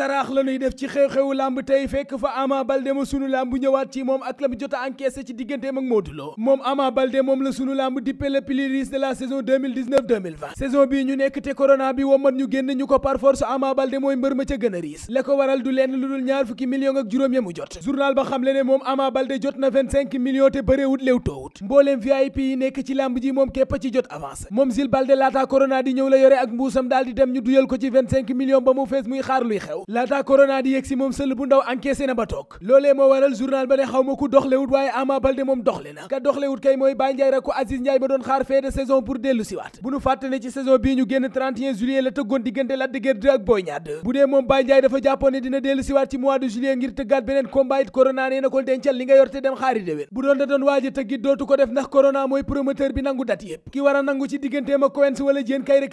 saraax la ñuy def ci xew-xewu lamb tey fekk fa Ama Baldé ma sunu lamb ñëwaat ci moom ak la mu jot a encaissé ci digganteem ak Modou Lo moom Ama Baldé moom la sunu lamb dippe le plus riche de la saison 2019 2020 saison bii ñu nekk te corona bi womat ñu génn ñu ko par force Ama Baldé mooy mbër ma ca gën a la ko waral du lenn lu dul ñaar fukki millions ak juróom ya mu jot journal ba xam le ne moom Ama Baldé jot na 25 ci lamb ji moom képp ci jot avancé moom Zil Baldé laataa corona di la yore ak mbuusam daal di dem ñu duyal ko ci 25 millions ba mu fees muy xaar luy laata corona di yegg si moom sël bu ndaw encaissé na ba toog loolee moo waral journal ba ne xaw ku doxlewut waaye Ama Baldé moom doxle na ka doxlewut kay mooy Baye Ndiaye rakku Aziz Ndiaye ba doon xaar fee de pour dellu siwaat bu nu fàtte ne ci saison bii ñu génn 31 juillet la tëggoon diggante Lac de Guiers ak Boy Niang 2 bu dee moom Baye Ndiaye dafa jàppoon ne dina dellu siwaat ci mois de juillet ngir tëggaat beneen combat it corona nee a nangu ci digganteem ak Quench wala Diène Kairé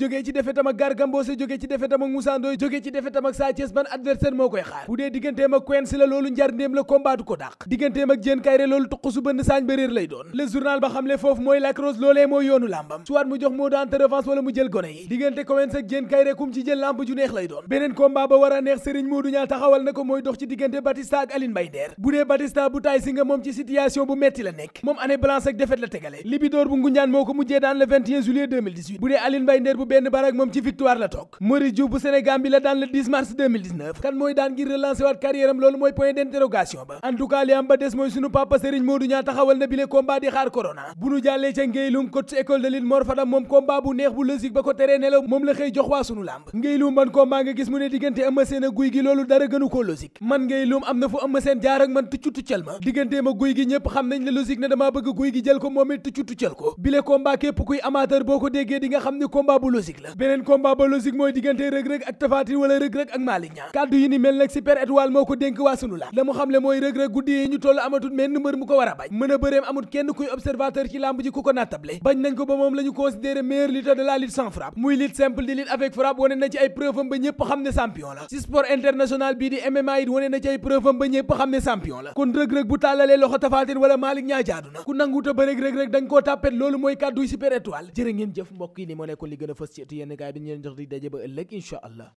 jógee ci defetam ak Garga Mbossé jógee ci defetam ak Moussa Ndoye jógee ci defetam ak Sa Thiès ban adversaire moo koy xaar bu ko dàq digganteem ak Diène Kaïré loolu tuq su bënn foofu mooy lacrose loolee mooy yoonu làmbam soit mu jox Modou Anta revanche wala mu jël gone yi diggante Quench ak Diène Kaïré kum ci jël làmb ju neex lay doon beneen combat ba war a neex Serigne Modou ñaa taxawal na ko mooy dox ci diggante Batista ak Aline Mbaye Nder bu dee Batista bu taay si nga moom ci situation bu metti la nekk moom année blanche ak défaite la tegale Libidor bu Ngunjaan moo ko mujjee daan le 21 juillet 2018 bu dee Aline Mbaye Nder bu benn barak moom ci victoire la toog Maurice Diouf bu bi la daan le mars kan mooy daan ngir relancer waat loolu mooy point d'interrogation ba en ba des mooy sunu papa Serigne Modou Niang taxawal na bile combat di xaar corona bu nu jàllee ca Ngéylum coach école de lutte Mor moom combat bu neex bu logique ba ko teree nelaw moom la xëy jox waa sunu làmb Ngéylum ban combat nga gis mu ne diggante Eumeu Sène ak Gouye loolu dara gënu ko bu logique la ba logique mooy diggante rëg-rëg ak tafaatin wala rëg-rëg ak Malick Niang kàddu yi ku ko ba rëg-rëg rëg-rëg dañ tàppet loolu mooy kàdduy super étoile jërë ngeen jëf mbokk yi moo nekkoon li gën a fas ci ëtt yenn kaay bi ñu leen jox di daje ba ëllëg incha allah